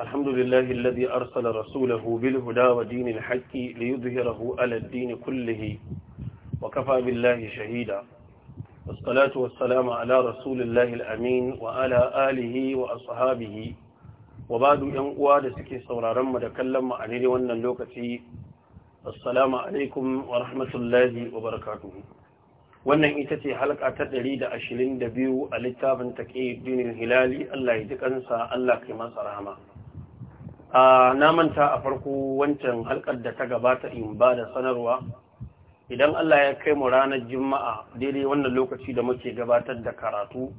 الحمد لله الذي أرسل رسوله بالهدى ودين الحق ليظهره على الدين كله وكفى بالله شهيدا والصلاة والسلام على رسول الله الأمين وعلى آله وأصحابه وبعد ينقوى لسكي سورارم ودكلم عنه وانا اللوكتي السلام عليكم ورحمة الله وبركاته وانا ايتتي حلقة تدريد أشلين دبيو الاتاب تكيب دين الهلالي الله يتكنسى الله كما سرهما na manta a farko wancan halkar da ta gabata in ba da sanarwa idan Allah ya kai mu ranar juma'a daidai wannan lokaci da muke gabatar da karatu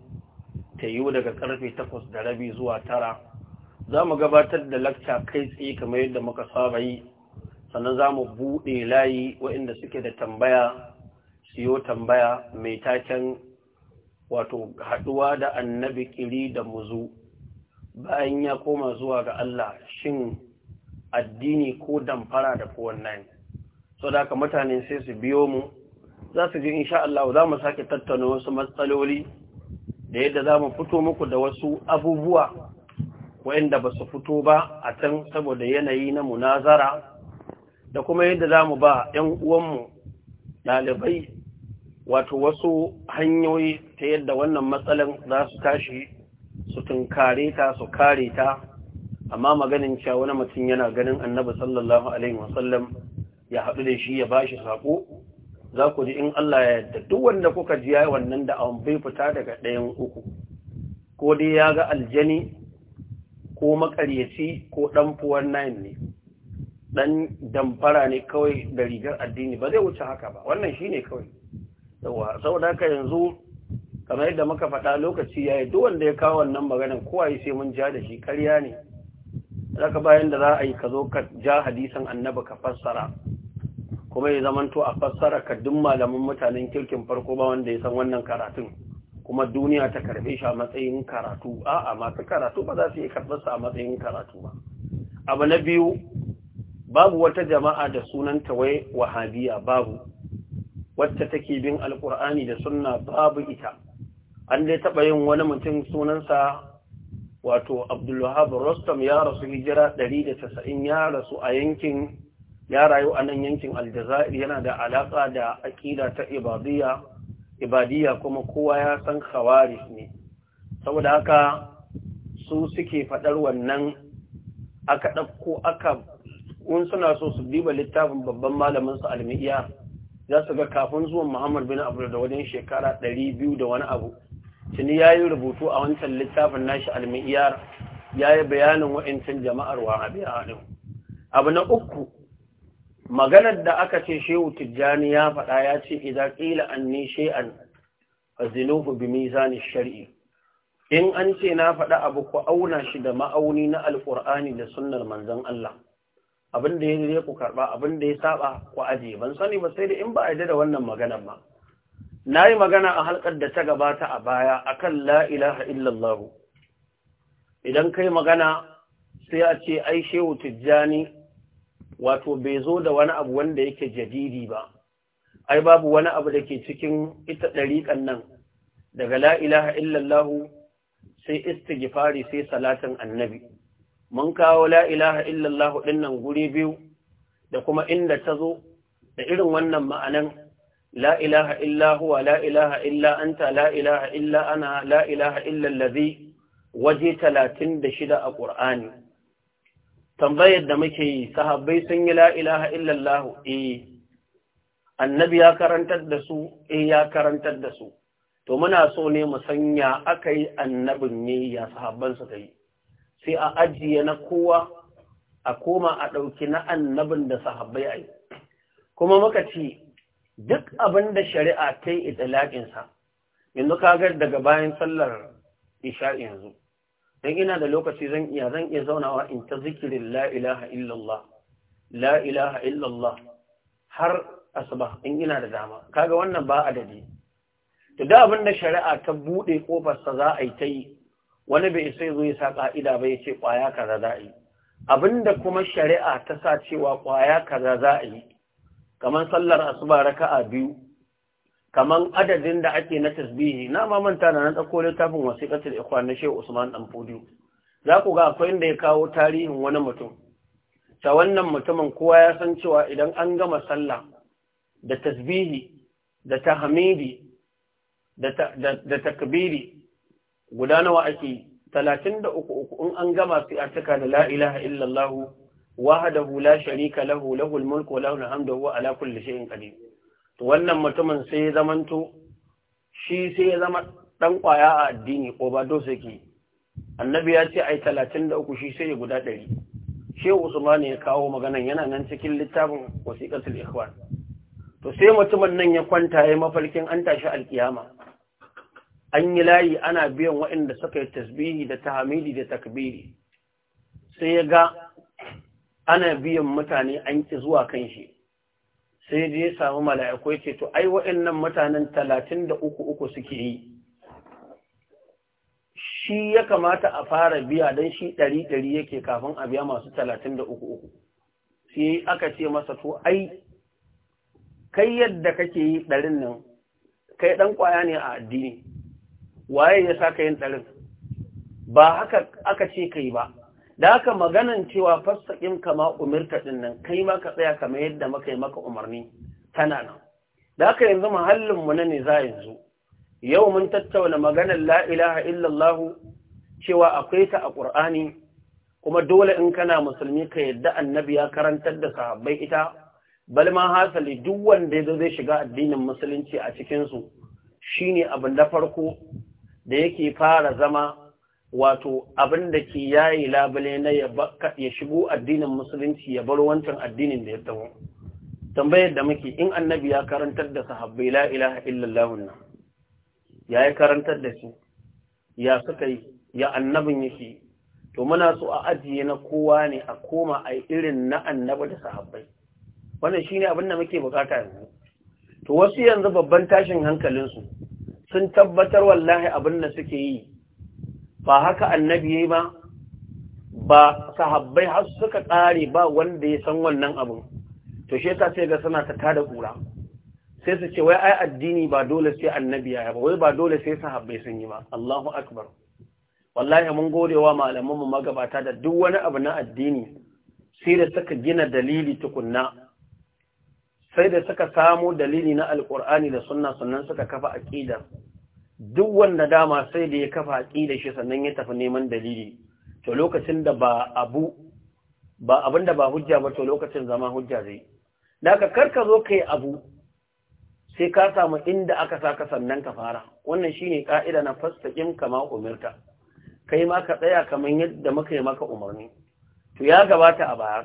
ta yiwu daga karfe takwas da rabi zuwa tara za mu gabatar da lakca kai tsaye kamar yadda muka saba yi sannan za mu buɗe layi waɗanda suke da tambaya siyo tambaya mai taken wato haɗuwa da annabi ƙiri da muzu bayan ya koma zuwa ga Allah shin addini ko damfara da kowannan so da haka mutane sai su biyo mu za su ji insha Allah za mu sake tattauna wasu matsaloli da yadda za mu fito muku da wasu abubuwa wayanda ba su fito ba a can saboda yanayi na munazara da kuma yadda za mu ba 'yan uwanmu ɗalibai wato wasu hanyoyi ta yadda wannan matsalan za su tashi su tunkare ta su kare ta amma maganin cewa wani mutum yana ganin annabi sallallahu alaihi wasallam ya haɗu da shi ya bashi sako za ku ji in Allah ya yarda duk wanda kuka ji yayi wannan da an bai fita daga ɗayan uku ko dai ya ga aljani ko makaryaci ko ɗan fuwar nine ne ɗan damfara ne kawai da rigar addini ba zai wuce haka ba wannan shine kawai saboda haka yanzu kamar yadda muka faɗa lokaci ya yi wanda ya kawo wannan maganin yi sai mun ja da shi karya ne zaka bayan da za a yi ka zo ka ja hadisan annabi ka fassara kuma ya zamanto a fassara ka duk malamin mutanen kirkin farko ba wanda ya san wannan karatun kuma duniya ta karbe shi a matsayin karatu a'a masu karatu ba za su iya karɓar sa a matsayin karatu ba abu na biyu babu wata jama'a da sunanta wai wahabiya babu wacce take bin alkur'ani da sunna babu ita an dai taɓa yin wani mutum sunansa wato abdulwahab rostam ya rasu hijira 190 ya rasu a yankin ya rayu a nan yankin aljazair yana da alaƙa da aƙida ta ibadiyya ibadiyya kuma kowa ya san khawaris ne saboda haka su suke faɗar wannan aka ɗauko aka in suna so su diba littafin babban malamin su almiya za su ga kafin zuwan muhammad bin abdul da wajen shekara 200 da wani abu tuni ya yi rubutu a wancan littafin nashi almiyar ya yi bayanin wa'incin jama'ar wahabiya haɗin abu na uku maganar da aka ce shehu tijjani ya faɗa ya ce idza qila anni shay'an fazinuhu bi mizani shar'i in an ce na faɗa abu ku auna shi da ma'auni na Alƙur'ani da sunnar manzon Allah abin da ya ku karba abin da ya saba ku aje ban sani ba sai da in ba a yarda da wannan maganar ba na yi magana a halkar da ta gabata a baya akan la ilaha illallah idan kai magana sai a ce ai shehu tijjani wato bai zo da wani abu wanda yake jadidi ba ai babu wani abu da ke cikin ita ɗariƙan nan daga la ilaha illallah sai istighfari sai salatin annabi mun kawo la ilaha illallah ɗin nan guri biyu da kuma inda ta zo da irin wannan ma'anan لا إله إلا هو لا إله إلا أنت لا إله إلا أنا لا إله إلا الذي وجه تلاتين دشدة القرآن تنبيه دمكي صحابي سنجي لا إله إلا الله إيه annabi ya karantar da su eh, ya karantar da su to muna so ne mu sanya akai annabin ne ya sahabban su kai sai a ajiye na kowa a koma a ɗauki na annabin da sahabai ai kuma muka ce duk abin da shari'a ta yi itilaƙinsa yanzu kagar daga bayan sallar isha yanzu don ina da lokaci zan iya zan iya zaunawa in ta zikirin la'ilaha illallah la'ilaha illallah har asuba in ina da dama kaga wannan ba adadi to da abin da shari'a ta buɗe ƙofarsa za a yi ta yi wani bai sai zo ya sa ƙa'ida ba ya ce ƙwaya kaza za a yi abin kuma shari'a ta sa cewa ƙwaya kaza za a yi kamar sallar asuba raka'a biyu kaman adadin da ake na tasbihi na mamanta na dauko littafin wasiƙatul ikhwan na Sheikh Usman dan za ku ga akwai inda ya kawo tarihin wani mutum ta wannan mutumin kowa ya san cewa idan an gama sallah da tasbihi da tahmidi da takbiri guda nawa ake 33 in an gama sai a cika da la ilaha illallah وحده la شريك له له mulku وله الحمد hamdu على ala شيء قدير to wannan mutumin sai ya zamanto shi sai ya zama dan kwaya a addini ko ba dose yake annabi ya ce ai 33 shi sai ya guda 100 shehu usman ya kawo maganan yana nan cikin littafin wasiqatul ikhwan to sai mutumin nan ya kwanta ya mafarkin an tashi alkiyama an yi layi ana biyan waɗanda suka yi tasbihi da tahmidi da takbiri sai ya ga ana biyan mutane an ki zuwa kan shi sai da ya samu mala'iku ya ce to ai waɗannan mutanen talatin da uku uku suke yi shi ya kamata a fara biya don shi ɗari ɗari yake kafin a biya masu talatin da uku uku sai aka ce masa to ai kai yadda kake yi ɗarin nan kai ɗan ƙwaya ne a addini waye ya sa ka yin ɗarin ba haka aka ce kai ba da haka maganan cewa fassaƙin kama umarta ɗin nan kai ma ka tsaya kamar yadda maka yi maka umarni tana nan da haka yanzu muhallinmu na ne za yanzu yau mun tattauna maganar la'ilaha illallahu cewa akwai ta a ƙur'ani kuma dole in kana musulmi ka yadda annabi ya karantar da sahabbai ita bal ma hasali duk wanda ya zai shiga addinin musulunci a cikinsu shine abin da farko da yake fara zama wato abin da ke yayi labule na ya shigo addinin musulunci ya bar wancan addinin da ya taho tambayar da muke in annabi ya karantar da sahabbai la ilaha illallah wannan ya yi karantar da su ya suka yi ya annabin yake to muna so a ajiye na kowa ne a koma a irin na annaba da sahabbai wannan shine abin da muke bukata yanzu to wasu yanzu babban tashin hankalinsu sun tabbatar wallahi abin da suke yi ba haka annabi yayi ba ba sahabbai har suka ƙare ba wanda ya san wannan abin to shi yasa sai ga suna ta tada kura sai su ce wai ai addini ba dole sai annabi ya ba wai ba dole sai sahabbai sun yi ba Allahu akbar wallahi mun gode wa malaman mu magabata da duk wani abu na addini sai da suka gina dalili tukunna sai da suka samu dalili na alqur'ani da sunna sannan suka kafa aqida duk wanda dama sai da ya kafa da shi sannan ya tafi neman dalili to lokacin da ba abu ba abinda ba hujja ba to lokacin zama hujja zai kar ka zo kai abu sai ka samu inda aka saka sannan ka fara wannan shine ƙa'ida na fastaqim kama umirta kai ma ka tsaya kamar yadda muka yi maka umarni to ya gabata a baya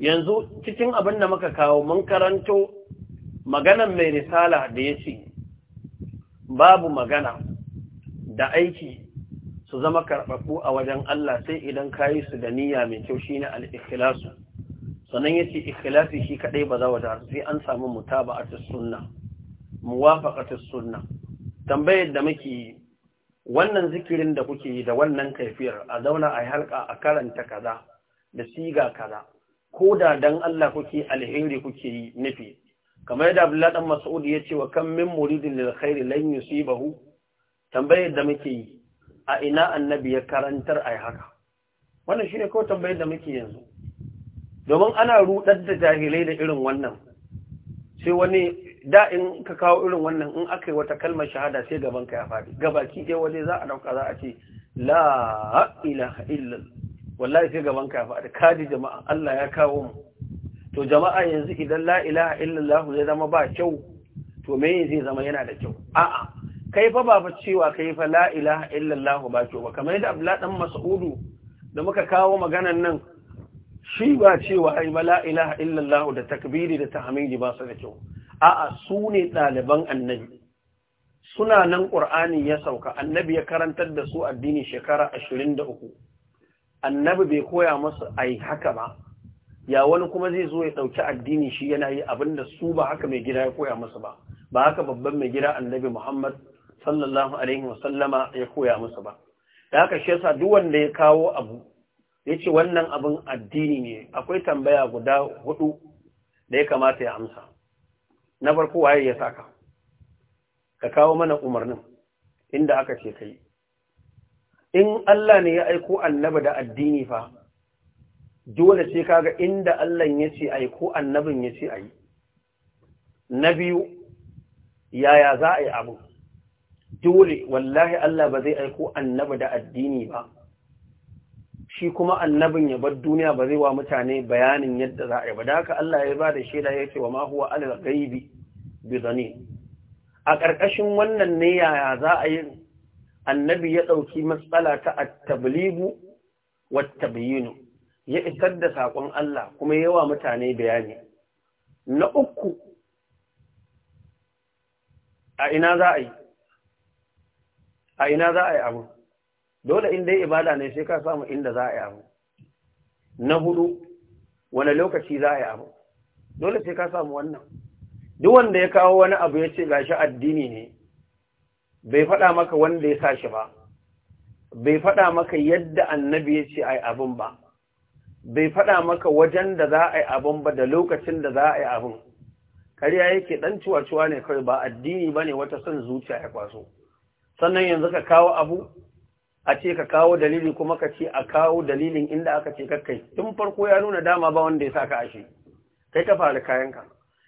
yanzu cikin abin da muka kawo mun karanto maganan mai risala da ya ce babu magana da aiki su zama karɓaɓɓu a wajen Allah sai idan ka yi su da niyya mai kyau shine al-ikhlasu sannan yace ikhlasi shi kaɗai ba za wa da sai an samu mutaba'atus sunna a sunna tambayar da muke wannan zikirin da kuke yi da wannan kaifiyar a zauna a halka a karanta kaza da siga kaza ko da dan Allah kuke alheri kuke yi nufi kamar yadda abdullahi dan mas'ud ya ce wa kan min muridin lil khairi lan yusibahu tambayar da muke yi a ina annabi ya karantar ai haka wannan shine kawai tambayar da muke yanzu domin ana rudar da jahilai da irin wannan sai wani da in ka kawo irin wannan in aka yi wata kalmar shahada sai gaban ka ya faɗi gabaki ɗaya waje za a dauka za a ce la ilaha illallah wallahi sai gaban ka ya faɗi kaji jama'a Allah ya kawo mu to jama'a yanzu idan la ilaha illallah zai zama ba kyau to me zai zama yana da kyau a'a kai fa ba fa cewa kai fa la ilaha illallah ba kyau ba kamar yadda Abdullah dan Mas'udu da muka kawo maganan nan shi ba cewa ai ba la ilaha illallah da takbiri da tahmidi ba su da kyau a'a su ne ɗaliban annabi suna nan ƙur'ani ya sauka annabi ya karantar da su addini shekara ashirin da uku annabi bai koya musu ai haka ba ya wani kuma zai zo ya ɗauki addini shi yana yi abinda su ba haka mai gida ya koya musu ba ba haka babban mai gida annabi muhammad sallallahu alaihi wasallama ya koya musu ba da haka shi yasa duk wanda ya kawo abu ya wannan abin addini ne akwai tambaya guda hudu da ya kamata ya amsa na farko waye ya saka ka kawo mana umarnin inda aka ce kai in Allah ne ya aiko annabi da addini fa dole sai kaga inda Allah ya ce ai ko annabin ya ce ai na biyu yaya za a yi abu dole wallahi Allah ba zai aiko annabi da addini ba shi kuma annabin ya bar duniya ba zai wa mutane bayanin yadda za a yi ba da haka Allah ya ba da shaida ya ce wa ma huwa alal ghaibi bi dhani a ƙarƙashin wannan ne yaya za a yi annabi ya ɗauki matsala ta at-tabligu wat-tabyinu ya isar da saƙon Allah kuma yawa mutane bayani na uku a ina za a yi a ina za a yi abu dole in dai ibada ne sai ka samu inda za a yi abu na hudu wani lokaci za a yi abu dole sai ka samu wannan duk wanda ya kawo wani abu ya ce gashi addini ne bai faɗa maka wanda ya sa shi ba bai faɗa maka yadda annabi ya ce ai abin ba bai faɗa maka wajen da za a yi abin ba da lokacin da za a yi abin ƙarya yake ɗan ciwa-ciwa ne kawai ba addini ba ne wata son zuciya ya kwaso sannan yanzu ka kawo abu a ce ka kawo dalili kuma ka ce a kawo dalilin inda aka ce kakkai tun farko ya nuna dama ba wanda ya sa ka ashe kai ka fara kayanka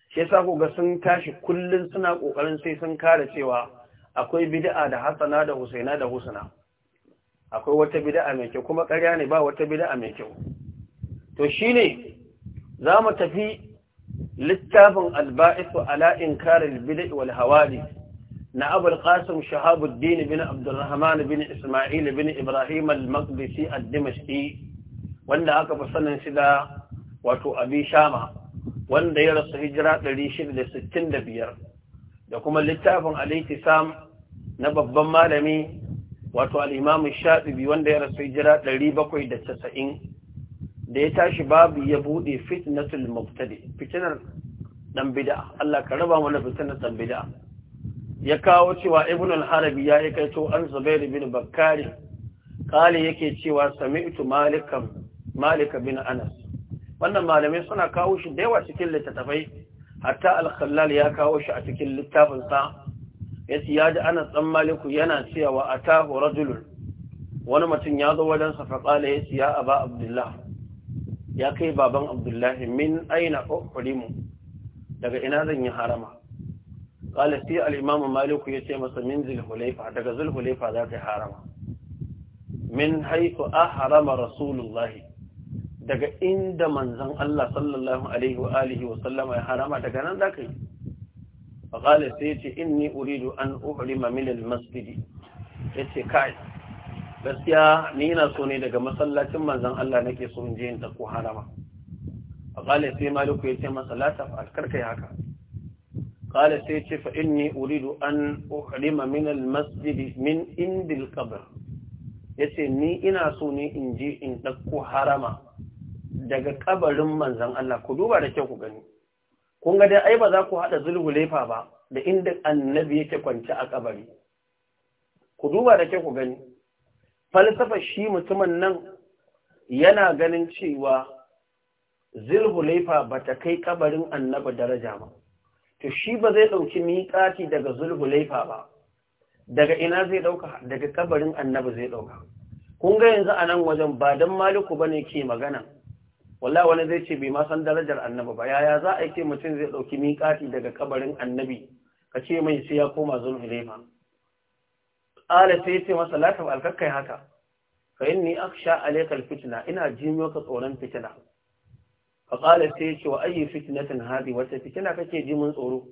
shi yasa ku ga sun tashi kullun suna kokarin sai sun kare cewa akwai bid'a da hasana da husaina da husna akwai wata bid'a mai kyau kuma ƙarya ne ba wata bid'a mai kyau to shine za mu tafi littafin alba'isu ala inkaril bid'i wal hawali na abul shahabuddin bin Abdulrahman bin isma'il bin ibrahim al-maqdisi ad-dimashqi wanda aka fi sanin shi da wato abi shama wanda ya rasu hijira 665 da kuma littafin al na babban malami wato al-imam wanda ya rasu hijira 790 da ya tashi babu ya buɗe fitnatul mubtadi fitnar dan bid'a Allah ka raba mana fitnar dan bid'a ya kawo cewa ibn al-harabi ya yi kaito an zubair bin bakkari kale yake cewa sami'tu malikan malik bin anas wannan malamai suna kawo shi da yawa cikin littattafai hatta al-khallal ya kawo shi a cikin littafin sa yace ya ji anas dan maliku yana cewa atahu rajulun wani mutum ya zo wajen sa fa yace ya aba abdullah ya kai baban abdullahi min aina uhrimu daga ina zan yi harama qala sai al-imamu yace masa min zulhulaifa daga zulhulaifa za ka harama min haythu ahrama rasulullahi daga inda manzon Allah sallallahu alaihi wa alihi wa sallama ya harama daga nan za ka yi qala sai yace inni uridu an uhrima min al-masjid yace kai gaskiya ni ina so ne daga masallacin manzon Allah nake so in je in dauko harama qala sai maliku yace masa la tafal ya haka qala sai yace fa inni uridu an uhrima min al masjid min indil qabr yace ni ina so ne in je in dauko harama daga kabarin manzon Allah ku duba da kyau ku gani kun ga dai ai ba za ku hada zulhulefa ba da inda annabi yake kwance a kabari ku duba da kyau ku gani falsafa shi mutumin nan yana ganin cewa zulhulaifa ba ta kai kabarin annaba daraja ba to shi ba zai ɗauki miƙati daga zulhulaifa ba daga ina zai ɗauka daga kabarin annaba zai ɗauka kun ga yanzu a nan wajen ba don maliku ba ne ke magana wallah wani zai ce bai ma san darajar annaba ba yaya za a ce mutum zai ɗauki miƙati daga kabarin annabi ka ce mai sai ya koma zulhulaifa ƙala sai ce masa latin alkakkai haka fa yin ni aksha alaikal fitina ina jimiyo ka tsoron fitina fa ƙala sai ce wa ayyu fitinatin hadi wata fitina kake jimin tsoro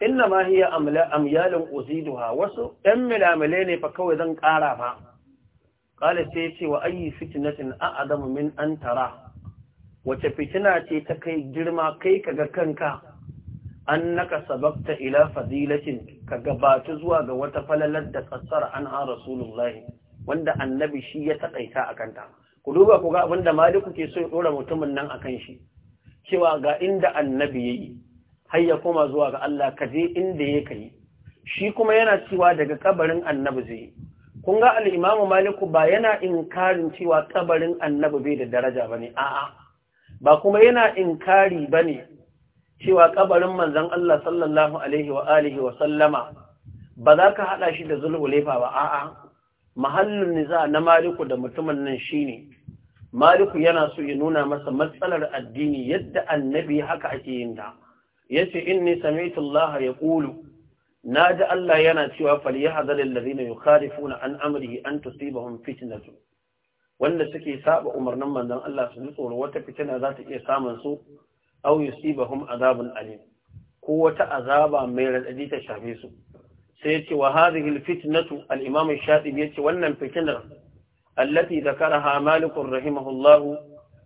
inna ma hiya amyalin uziduha wasu ɗan milamale ne fa kawai zan ƙara fa ƙala sai ce wa ayyu fitinatin a'adamu min an tara wace fitina ce ta kai girma kai kaga kanka annaka sababta ila fadilatin ka gabata zuwa ga wata falalar da kasar an ha rasulullahi wanda annabi shi ya taƙaita a kanta ku duba ku ga abin da maliku ke so ya ɗora mutumin nan akan shi cewa ga inda annabi yayi har ya koma zuwa ga Allah ka je inda ya kai shi kuma yana cewa daga kabarin annabi zai yi. kun ga al maliku ba yana inkarin cewa kabarin annabi bai da daraja ba ne? a'a ba kuma yana inkari ne. cewa kabarin manzon Allah sallallahu alaihi wa alihi wa sallama ba za ka haɗa shi da zulhulefa ba a'a mahallin niza na maliku da mutumin nan shine maliku yana so ya nuna masa matsalar addini yadda annabi haka ake yin ta in inni sami'tu Allah Na naji Allah yana cewa falyahdhar alladhina funa, an amrihi an fitina fitnatun wanda suke saba umarnin manzan Allah su tsoro wata fitina za ta iya samun su aw yusibahum azabun alim ko wata azaba mai radadi ta shafe su sai yace wa hadhihi alfitnatu al ash-shatibi yace wannan fitnar allati zakaraha malik rahimahullah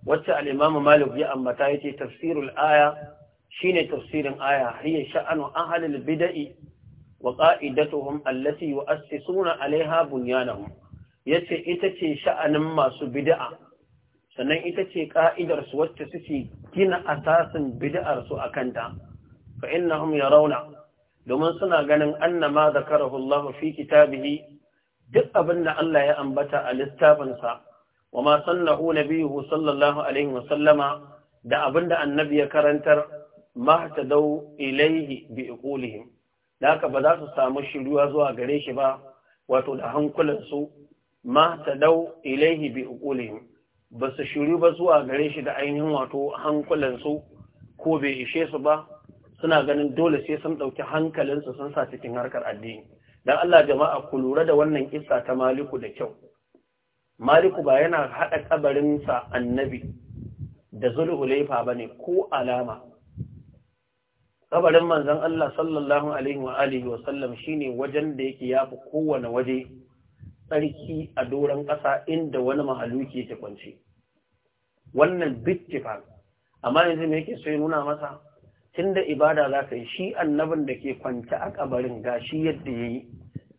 wacce Alimami malik ya ambata yace tafsirul aya shine tafsirin aya hiya sha'anu ahlil bidi wa qa'idatuhum allati yu'assisuna 'alayha bunyanahum yace ita ce sha'anin masu bid'a sannan ita ce ka'idar su wacce suke gina asasin bid'ar su akan ta hum ya rauna. domin suna ganin annama da Allah fi kitabihi duk abin da Allah ya ambata a littafinsa wa ma sannahu biyu, sallallahu alaihi wa sallama da abin da annabi ya karantar ma ta dau ilaihi bi iqulihim da haka ba za su samu shiruwa zuwa gare shi ba wato da hankulansu ma ta dau ilaihi bi ba su shiru ba zuwa gare shi da ainihin wato hankulansu ko bai ishe su ba suna ganin dole sai sun ɗauki hankalinsu sun sa cikin harkar addini don Allah jama'a ku lura da wannan kisa ta maliku da kyau maliku ba yana haɗa ƙabarinsa annabi da zulhulaifa ba ne ko alama ƙabarin manzan Allah sallallahu alaihi wa alihi wa sallam shine wajen da yake yafi kowane waje tsarki a doron ƙasa inda wani mahaluki yake kwance wannan fa, amma yanzu me yake so ya nuna masa tunda ibada za ka yi shi annabin da ke kwance a kabarin ga shi yadda ya yi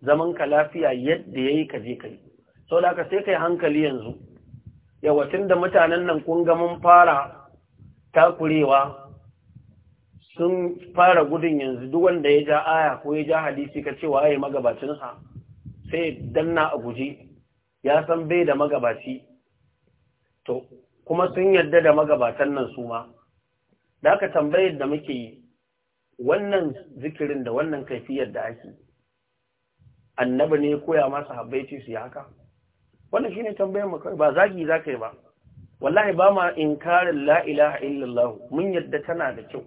zaman ka lafiya yadda ya yi ka je ka yi sau da ka sai ka yi hankali yanzu yawacin da mutanen nan kun ga mun fara takurewa sun fara gudun yanzu duk wanda ya ja aya ko ya ja hadisi ka cewa ya yi magabacinsa sai danna a guji ya san bai da magabaci to kuma sun yarda da magabatan nan su ma da aka tambayar da muke yi wannan zikirin da wannan kaifiyar da ake annabi ne koya masa habbaici su yi haka wannan shine tambayar mu ba zagi zakai ba wallahi ba ma inkarin la ilaha illallah mun yarda tana da kyau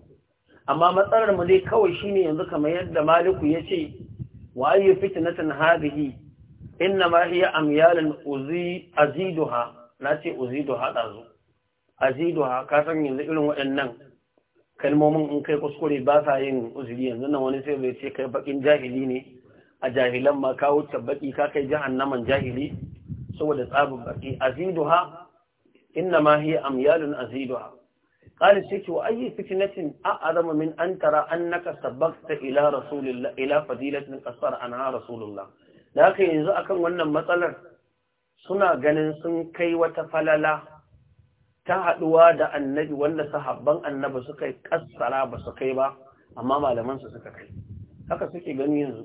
amma matsalar mu dai kawai shine yanzu kamar yadda maliku yace wa ayyu fitnatin hadhihi inna ma hiya amyalun uzi aziduha nace uziduha ɗazu. aziduha ka san yanzu irin waɗannan kalmomin in kai kuskure ba sa yin uzuri yanzu nan wani sai bai ce kai bakin jahili ne a jahilan ma kawo tabbaki ka kai jahannaman jahili saboda tsabin baki aziduha inna ma hiya amyalun aziduha Khalid ce ta yi wa ayyukacin fitinin sin a'a zama min an tara an naka tabbata da ila-fadilan cin kasar ana rasulallah. Na kai yanzu akan wannan matsalar suna ganin sun kai wata falala ta haduwa da annabi, wanda sahabban annabi suka kassara katsara ba su kai ba, amma malamansu su ka kai. Haka suke ganin yanzu.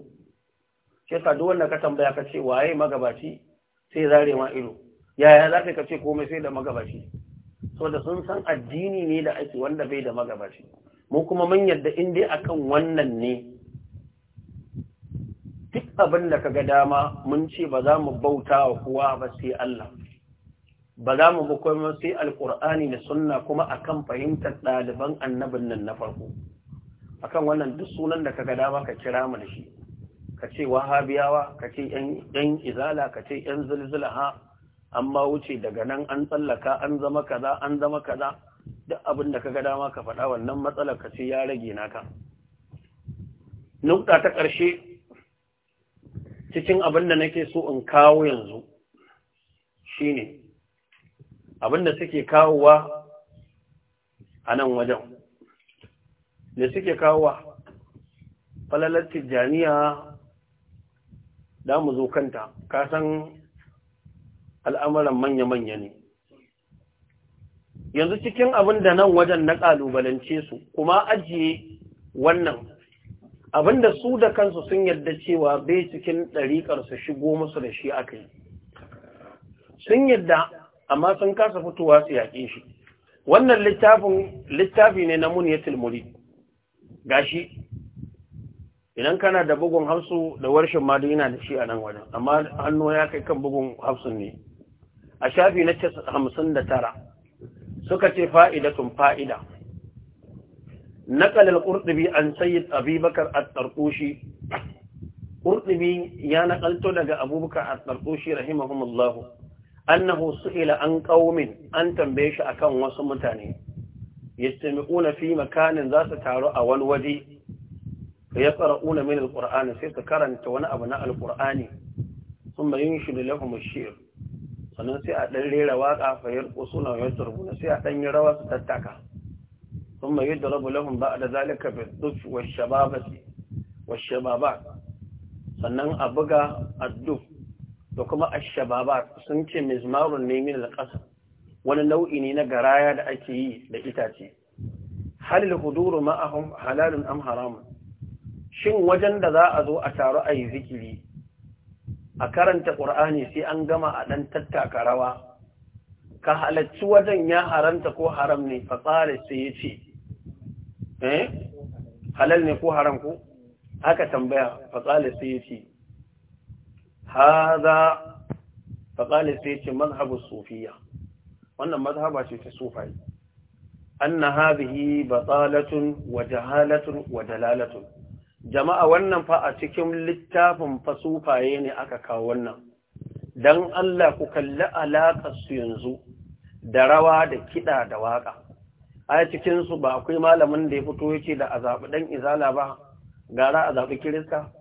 Shafi wanda ka tambaya ka ce, waye magabaci sai zare ido? Yaya zaka kai ce komai sai da magabaci. saboda sun san addini ne da ake wanda bai da magabaci mu kuma mun yadda in dai akan wannan ne duk abin da kaga dama mun ce ba za mu bauta wa kowa ba sai Allah ba za mu kuma sai alkur'ani da sunna kuma akan fahimtar ɗaliban annabin nan na farko akan wannan duk sunan da kaga dama ka kira mu da shi ka ce wahabiyawa ka ce yan izala ka ce yan zulzula ha an ma wuce daga nan an tsallaka an zama kaza an zama kaza duk abin da kaga dama ka faɗa wannan matsalar ka ce ya rage naka nukta ta ƙarshe cikin abin da nake so in kawo yanzu shine abin da suke kawowa a nan wajen da suke kawowa falalar tijjaniya da mu zo kanta kasan al'amuran manya-manya ne yanzu cikin abin da nan wajen na ƙalubalance su kuma ajiye wannan abin da su da kansu sun yarda cewa bai cikin ɗariƙarsu shigo musu da shi aka yi sun yarda amma sun kasa fitowa su yaƙe shi wannan littafi ne na muniyatul murid gashi idan kana da bugun hafsu da warshin madu yana da shi a nan wajen amma hannu ya kai kan bugun hafsun ne a shafi na hamsin da tara suka ce fa'idatun fa'ida naƙalar ƙurɗubi an sayi abubakar a tsarƙoshi ƙurɗubi ya naƙalto daga abubakar a tsarƙoshi rahimahumullahu annahu su'ila an ƙaumin an tambaye shi akan wasu mutane yastami'una fi makanin za su taru a wani waje ya qara'una min Alƙur'ani, sai su karanta wani abu na Alƙur'ani. kuma yin shi lahum ash-shi'r sannan sai a ɗan rera waƙa fayar ƙusu na yadda rubuna sai a ɗan yi rawa su tattaka sun mai yadda rabu lahun ba da zalika bai duf wa shababa sannan a buga adduf da kuma a shababa sun ce mizmarun ne min ƙasa. wani nau'i ne na garaya da ake yi da itace halil huduru ma'ahum halalun am haramun shin wajen da za a zo a taru a yi zikiri a karanta ƙur'ani sai an gama a ɗan tattaka rawa ka halarci wajen ya haramta ko haram ne fatsari sai ya ce eh halal ne ko haram ko aka tambaya fatsari sai ya ce haza fatsari sai ya ce mazhabu sufiya wannan mazhaba ce ta sufai anna hadhihi batalatun wa jahalatun wa dalalatun jama'a wannan fa a cikin littafin fasufaye ne aka kawo wannan don Allah ku kalli su yanzu da rawa da kiɗa da waƙa a cikinsu ba akwai malamin da ya fito yake da a zaɓi ɗan izala ba gara a zaɓi kirista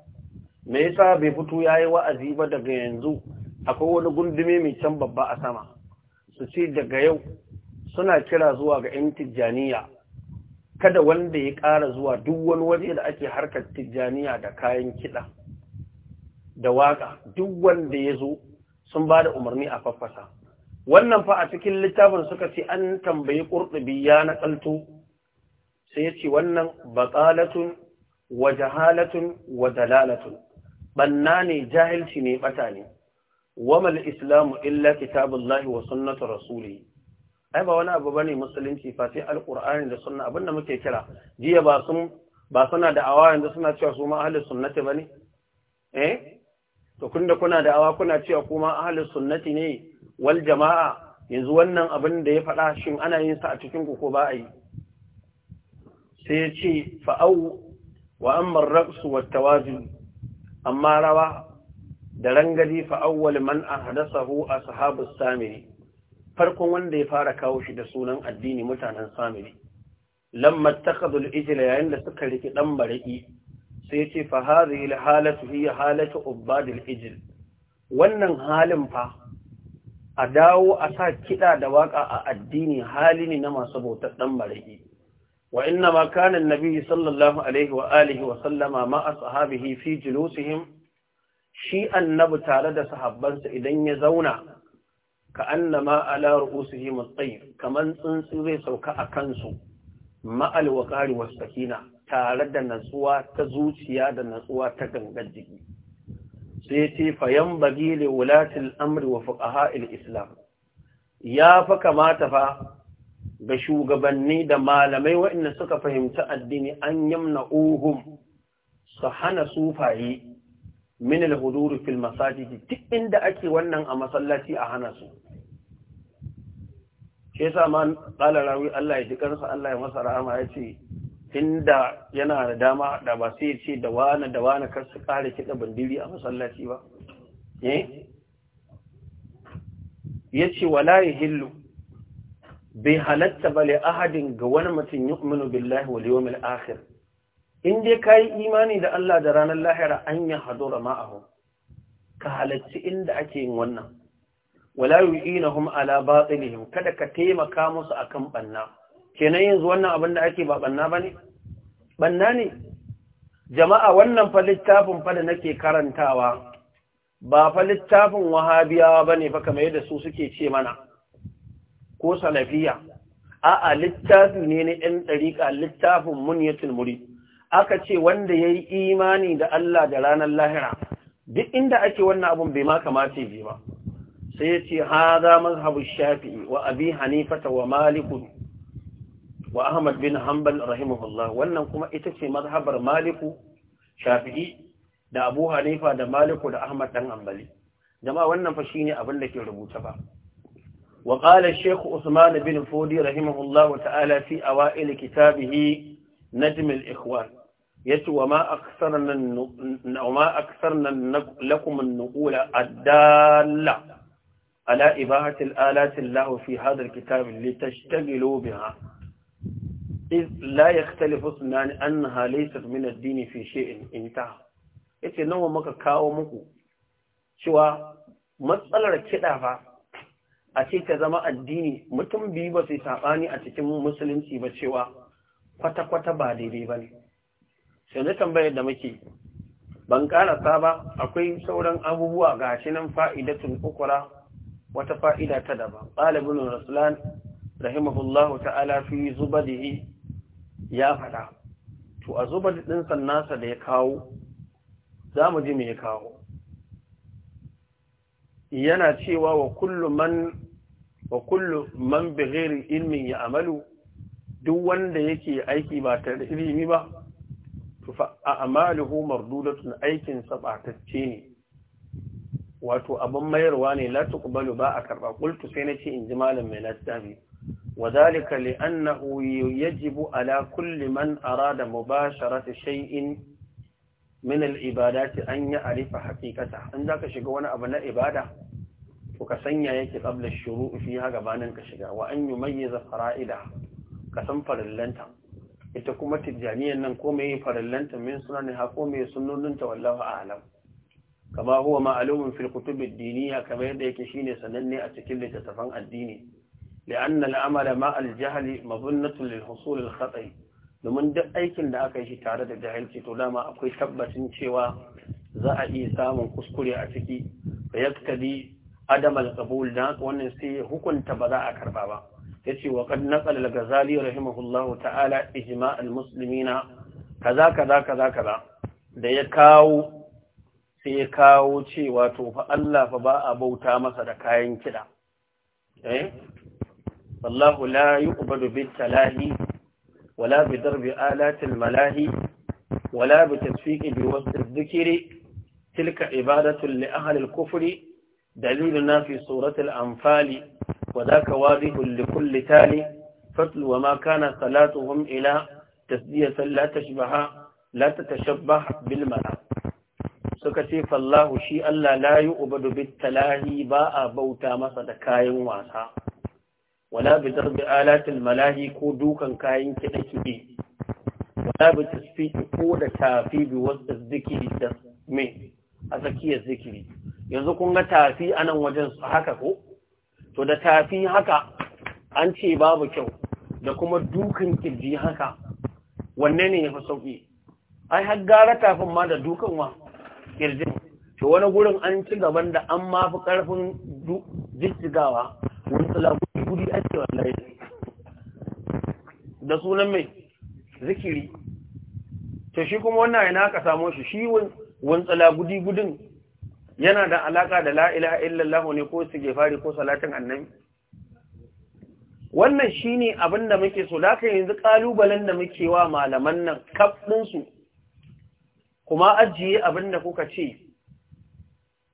me yasa bai fito ya yi wa'azi ba daga yanzu akwai wani gundume mai can babba a sama su ce daga yau suna kira zuwa ga 'yan tijjaniya kada wanda ya ƙara zuwa duk wani waje da ake harkar tijjaniya da kayan kiɗa da waƙa duk wanda ya zo sun ba da umarni a faffasa wannan fa a cikin littafin suka ce an tambayi ƙurɗubi ya na ƙalto sai ya ce wannan baƙalatun wa jahalatun wa dalalatun ne jahilci ne ɓata ne wamal islamu illa kitabullahi wa sunnatu rasulihi ai ba wani abu bane musulunci fa sai alqur'ani da sunna abinda muke kira jiya ba sun ba suna da awa yanzu suna cewa su ma ahlus sunnati bane eh to kun da kuna da awa kuna cewa kuma ahlus sunnati ne wal jama'a yanzu wannan abin da ya faɗa shin ana yin sa a cikin ku ko ba a yi sai ya ce fa'au wa amma raqsu wat tawazu amma rawa da rangadi fa awwal man ahdathahu ashabus samiri farkon wanda ya fara kawo shi da sunan addini mutanen samiri lamma takadul ijla yayin da suka riki dan bariki, sai yace fa hadhihi halatu hiya halatu ubadil ijl wannan halin fa a dawo a sa kida da waka a addini hali ne na masu bautar dan bariki. wa inna ma kana annabi sallallahu alaihi wa alihi wa sallama ma ashabihi fi julusihim shi annabi tare da sahabbansa idan ya zauna ka annama ala ru'usihim at-tayr tsuntsu zai sauka a kansu ma'al waqari was-sakina tare da natsuwa ta zuciya da natsuwa ta ganga jiki sai ce fayan bagi li wulatil amri wa fuqaha'il islam ya fa kamata fa ga shugabanni da malamai waɗanda suka fahimci addini an yamna uhum su hana sufaye min al-hudur fil masajid duk inda ake wannan a masallaci a hana su shi yasa ma qala rawi Allah ya ji kansa Allah ya masa rahama yace inda yana da dama da ba sai ce da wani da wani kar su kare kida bandiri a masallaci ba eh yace wala yahillu bai halatta bale ahadin ga wani mutum yu'minu billahi wal yawmil akhir in dai ka yi imani da Allah da ranar lahira an yi hadura ma'ahu ka halarci inda ake yin wannan wala yu'inahum ala batilihim kada ka taimaka musu akan banna kenan yanzu wannan abin da ake ba banna bane banna ne jama'a wannan fa littafin fa da nake karantawa ba fa littafin wahabiyawa bane fa kamar yadda su suke ce mana ko salafiya a'a littafi ne na ɗan ɗariƙa littafin muniyatul murid aka ce wanda ya yi imani da Allah da ranar lahira duk inda ake wannan abun bai ma kamace je ba sai ya ce ha za mazhabu shafi'i wa abi hanifata wa maliku wa ahmad bin hanbal rahimahullah wannan kuma ita ce mazhabar maliku shafi'i da abu hanifa da maliku da ahmad dan hanbali jama'a wannan fa shine abin da ke rubuta ba wa qala shaykh usman bin fudi rahimahullah ta'ala fi awail kitabihi najm al-ikhwan yace wa ma aksarna wa ma aksarna lakum an-nuqul ad-dalla ala ibahati al-alati Allah fi hadha al-kitab litashtagilu biha إذ لا يختلف اثنان أنها ليست من الدين في yace nawa muka kawo muku cewa matsalar kiɗa fa a ce ta zama addini mutum biyu ba su saɓani a cikin musulunci ba cewa kwata-kwata ba daidai ba ne Sai na tambayar da muke ban karasa ba akwai sauran abubuwa ga shi nan fa'idatun ukura wata fa'ida ta daban ɗalibin rasulan rahimahullahu ta'ala fi zubadihi ya faɗa to a zubadi ɗinsan nasa da ya kawo za mu ji me ya kawo yana cewa wa kullu man wa bi ilmin ya amalu duk wanda yake aiki ba ta ilimi ba فأعماله مردودة a'maluhu سبعة aikin واتو ne wato abin mayarwa ne la tuqbalu ba a karba qultu sai nace وذلك لأنه يجب على كل من أراد مباشرة شيء من الإبادات أن يعرف حقيقتها عندك شقونا أبناء إبادة وكسنيا يكي قبل الشروع فيها قبانا كشقا وأن يميز فرائدها كسنفر اللنتم ita kuma tijjaniyan nan ko mai farallanta min ne ko mai sunnoninta a a'lam kama huwa ma'lumun fil kutub ad kama yadda yake shine sananne a cikin littattafan addini li'anna al ma aljahali jahl mabunnatun lil husul domin duk aikin da aka yi shi tare da jahilci to dama akwai tabbacin cewa za a iya samun kuskure a ciki fa yaktadi adam al-qabul wannan sai hukunta ba za a karba ba yace wa qad naqala al-ghazali rahimahullahu ta'ala ijma' musulmina. muslimina kaza kaza kaza kaza da ya kawo sai ya kawo cewa to fa Allah fa ba a bauta masa da kayan kida eh wallahu la yu'badu bit talahi wala bi darbi alati al-malahi wala bi tasfiqi bi wasf dhikri tilka ibadatu li ahli al-kufri daliluna fi surati al-anfali وذاك واضح لكل تالي فتل وما كان صلاتهم إلى تسدية لا تشبه لا تتشبه بالملا سكتي فالله شيء ألا لا يؤبد بالتلاهي باء بوتا مسد كاين واسا ولا بضرب آلات الملاهي كودوكا كاين كنكي ولا بتسفيت كود تافي بوسط الذكر من أزكي الذكر يزكون تافي أنا وجن صحكه to da tafi haka an ce babu kyau da kuma dukan kirji haka wanne ne ya fi sauƙi ai har gara tafin ma da dukan wa kirjin to wani gurin an ci gaban da an ma fi ƙarfin jijjigawa wani salamu guri ce wallahi da sunan mai zikiri to shi kuma wannan yana ka samo shi shi wani tsala gudi gudun yana da alaka da la ilaha illallah ne ko fari ko salatin annabi wannan shine abin da muke so da kai yanzu kalubalen da muke wa malaman nan kafin su kuma ajiye abin da kuka ce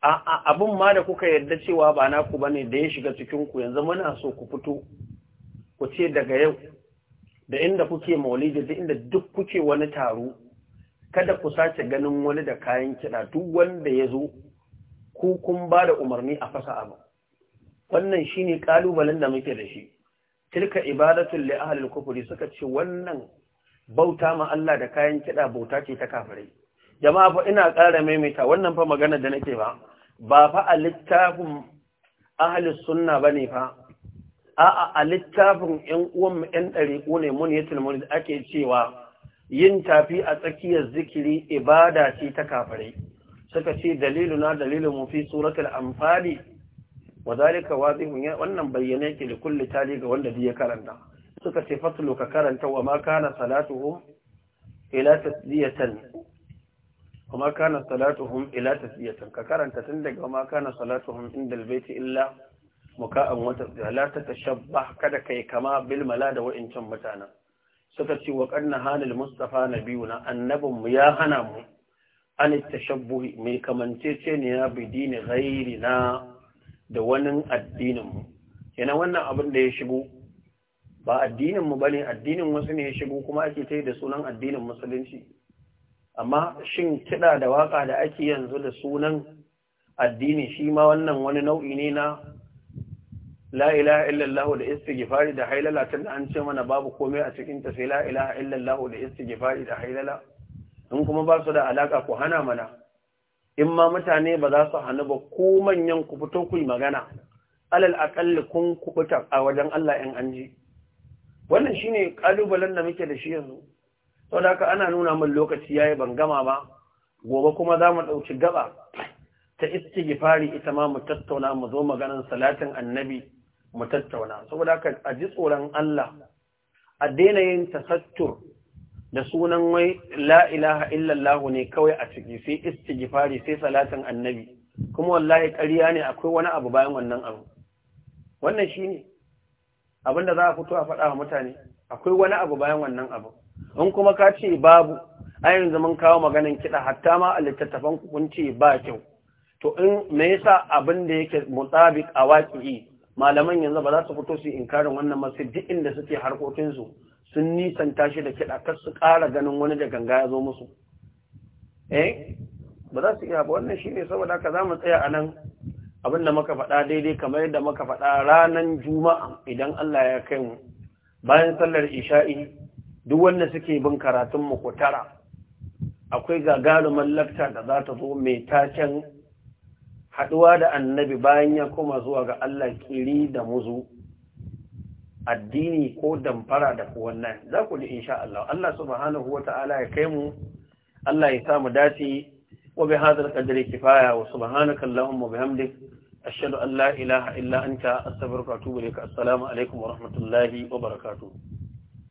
abin ma da kuka yarda cewa ba na ba bane da ya shiga cikin ku yanzu muna so ku fito ku ce daga yau da inda kuke maulidi da inda duk kuke wani taro kada ku sace ganin wani da kayan kiɗa duk wanda ya zo ku kun ba da umarni a fasa abu wannan shine kalubalen da muke da shi tilka ibadatun li ahli al suka ce wannan bauta ma Allah da kayan kida bauta ce ta kafirai jama'a fa ina ƙara maimaita wannan fa magana da nake ba ba fa a littafin ahli sunna bane fa a'a a littafin ‘yan uwanmu ‘yan ko ne mun yatul mun ake cewa yin tafi a tsakiyar zikiri ibada ce ta kafare. suka ce dalilu dalilun fi suratul anfali wa zalika wadihun ya wannan bayyana yake da kulli tali ga wanda ya karanta suka ce fatlu ka karanta wa ma kana salatuhum ila tasdiyatan wa ma kana salatuhum ila tasdiyatan ka karanta tun daga wa ma kana salatuhum inda albayti illa muka'an wa la tatashabbah kada kai kama bil mala da wa'incan mutanen suka ce wa qanna hanal mustafa nabiyuna annabun mu ya hana mu an tashabbuhi mai kamancece ne na bidini ghairi na da wani addinin mu yana wannan abin da ya shigo ba addinin mu bane addinin wasu ne ya shigo kuma ake tai da sunan addinin musulunci amma shin kiɗa da waka da ake yanzu da sunan addini shi ma wannan wani nau'i ne na la ilaha illallah da istighfari da hailala tun an ce mana babu komai a cikin ta sai la ilaha illallah da istighfari da hailala in kuma ba su da alaka ku hana mana in ma mutane ba za su hannu ba ko manyan ku fito ku yi magana alal akalli kun kubuta a wajen Allah in an ji wannan shine kalubalen da muke da shi yanzu saboda haka ana nuna min lokaci yayi ban gama ba gobe kuma za mu dauki gaba ta gifari ita ma mu tattauna mu zo maganar salatin annabi mu tattauna saboda haka a ji tsoron Allah a daina yin tasattur da sunan wai la ilaha ne kawai a ciki sai istighfari sai salatin annabi kuma wallahi ƙarya ne akwai wani abu bayan wannan abu wannan shine abinda za a fito a faɗa wa mutane akwai wani abu bayan wannan abu in kuma ka ce babu a yanzu mun kawo maganan kiɗa hatta ma a littattafan kun ce ba kyau to in me yasa abin da yake mutsabik a waƙi malaman yanzu ba za su fito su inkarin wannan masu duk inda suke harkokinsu sun nisanta shi da kiɗa kar su ƙara ganin wani da ganga ya zo musu eh ba za su iya ba wannan shi ne saboda haka za mu tsaya a nan abin da muka faɗa daidai kamar yadda muka faɗa ranar juma'a idan Allah ya kai mu bayan sallar isha'i duk wanda suke bin karatun mu tara, akwai gagarumin lakta da za ta zo mai taken haɗuwa da annabi bayan ya koma zuwa ga Allah kiri da muzu addini ko damfara da wannan za ku ji insha Allah Allah subhanahu wata'ala ya kai mu Allah ya samu dace wa bi hadal qadri kifaya wa subhanaka allahumma bihamdik ashhadu an la ilaha illa anta astaghfiruka wa atubu ilaik assalamu alaikum wa rahmatullahi wa barakatuh